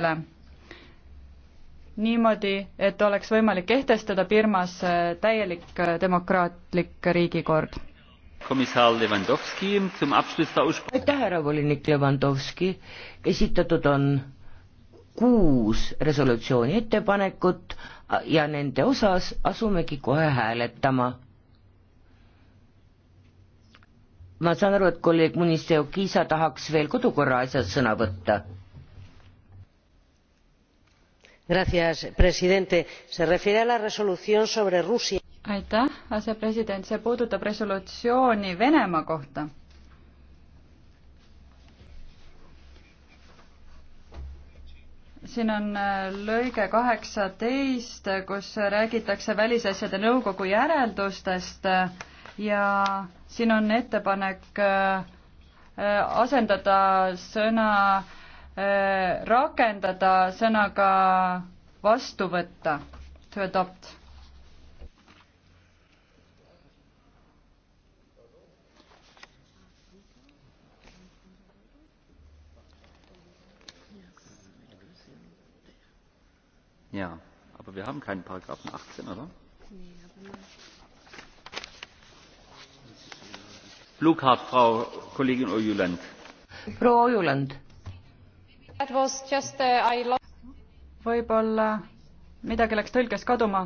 üle. niimoodi, et oleks võimalik kehtestada Birmas äh, täielik äh, demokraatlik riigikord. aitäh, härra volinik Levandovski, esitatud on kuus resolutsiooni ettepanekut ja nende osas asumegi kohe hääletama. ma saan aru, et kolleeg Munisteo Kiisa tahaks veel kodukorra asjas sõna võtta señor presidente se refiere a la resolución sobre rusia. aitäh asepresident see puudutab resolutsiooni venemaa kohta. siin on äh, lõige kaheksateist kus räägitakse välisasjade nõukogu järeldustest äh, ja siin on ettepanek äh, asendada sõna Äh, rakendada sõnaga vastu võtta, to adopt. Ja, aber wir haben keinen Paragraphen 18, oder? Nee, aber Blue Card, Frau Kollegin Ojuland. Frau Ojuland Uh, võib-olla midagi läks tõlkes kaduma.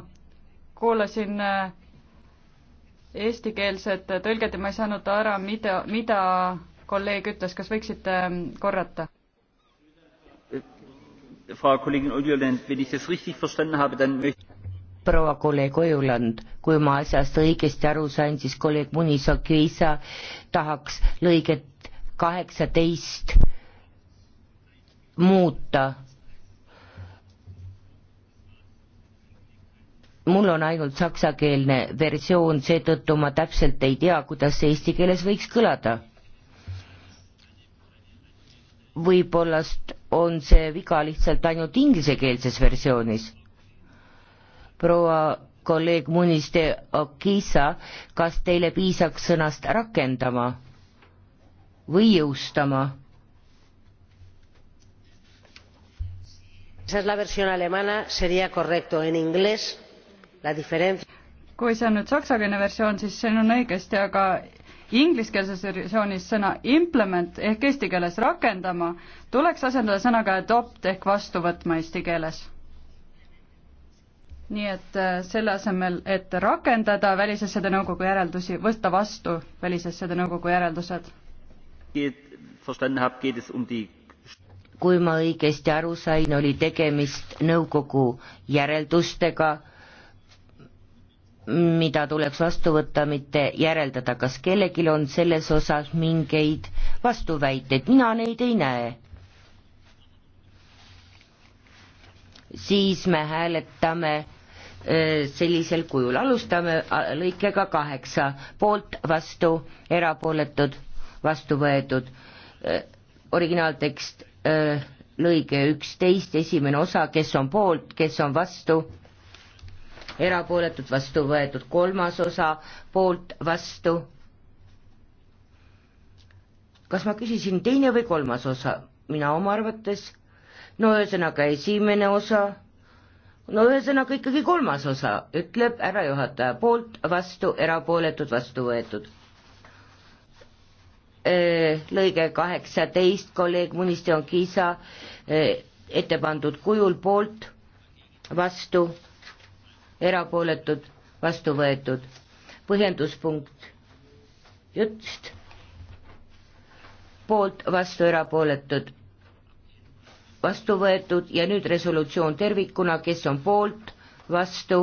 kuulasin äh, eestikeelset tõlget ja ma ei saanud ära, mida, mida kolleeg ütles, kas võiksite ähm, korrata? proua kolleeg Ojuland, kui ma asjast õigesti aru sain, siis kolleeg Muniso Kviisa tahaks lõiget kaheksateist muuta. mul on ainult saksakeelne versioon, seetõttu ma täpselt ei tea, kuidas see eesti keeles võiks kõlada. võib-olla on see viga lihtsalt ainult inglisekeelses versioonis. proua kolleeg Muniste Okisa, kas teile piisaks sõnast rakendama või jõustama? esa es la versión alemana sería correcto en inglés la diferencia kui see on nüüd saksakeelne versioon, siis siin on õigesti, aga ingliskeelses versioonis sõna implement ehk eesti keeles rakendama tuleks asendada sõnaga adopt ehk vastu võtma eesti keeles. nii et äh, selle asemel, et rakendada välisasjade nõukogu järeldusi, võtta vastu välisasjade nõukogu järeldused. Um die kui ma õigesti aru sain, oli tegemist nõukogu järeldustega, mida tuleks vastu võtta, mitte järeldada, kas kellelgi on selles osas mingeid vastuväiteid, mina neid ei näe. siis me hääletame sellisel kujul, alustame lõikega kaheksa, poolt, vastu, erapooletud, vastu võetud, originaaltekst Äh, lõige üksteist, esimene osa, kes on poolt, kes on vastu, erapooletult vastu võetud, kolmas osa poolt, vastu. kas ma küsisin teine või kolmas osa? mina oma arvates, no ühesõnaga esimene osa, no ühesõnaga ikkagi kolmas osa, ütleb härra juhataja, poolt, vastu, erapooletud, vastu võetud Äh, lõige kaheksateist, kolleeg Munistion Kiisa äh, ette pandud kujul poolt, vastu, erapooletud, vastu võetud. põhjenduspunkt just, poolt, vastu, erapooletud, vastu võetud ja nüüd resolutsioon tervikuna, kes on poolt, vastu,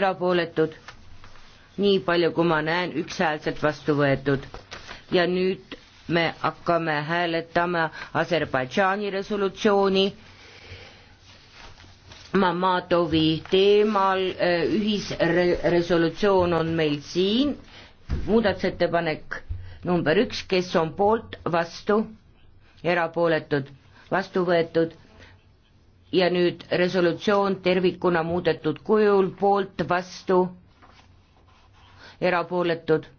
erapooletud, nii palju, kui ma näen, ükshäälselt vastu võetud ja nüüd me hakkame hääletama Aserbaidžaani resolutsiooni Mamatovi teemal, äh, ühisresolutsioon on meil siin, muudatusettepanek number üks, kes on poolt, vastu, erapooletud, vastu võetud ja nüüd resolutsioon tervikuna muudetud kujul, poolt, vastu, erapooletud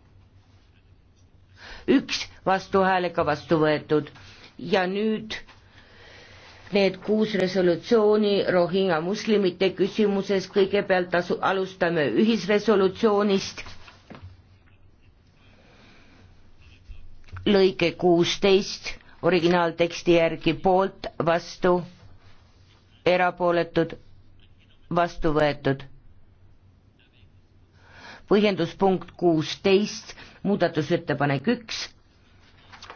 üks vastuhäälega vastu võetud ja nüüd need kuus resolutsiooni Rohinga muslimite küsimuses, kõigepealt asu-, alustame ühisresolutsioonist, lõige kuusteist, originaalteksti järgi poolt, vastu, erapooletud, vastu võetud põhjenduspunkt kuusteist, muudatusettepanek üks,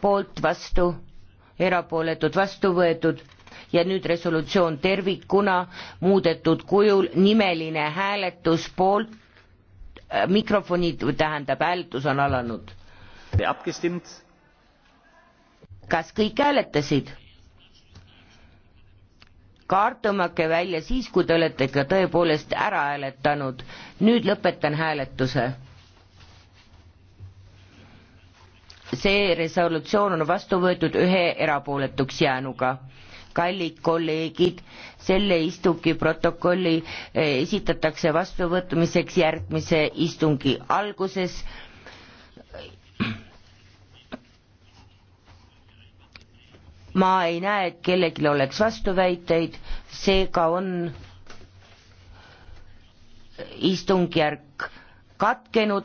poolt, vastu, erapooletud, vastu võetud ja nüüd resolutsioon tervikuna muudetud kujul, nimeline hääletus poolt, äh, mikrofonid, tähendab hääletus on alanud. kas kõik hääletasid? kaartumake välja siis, kui te olete ikka tõepoolest ära hääletanud. nüüd lõpetan hääletuse. see resolutsioon on vastu võetud ühe erapooletuks jäänuga. kallid kolleegid, selle istungi protokolli eh, esitatakse vastuvõtmiseks järgmise istungi alguses ma ei näe, et kellelgi oleks vastuväiteid, seega on istungjärk katkenud.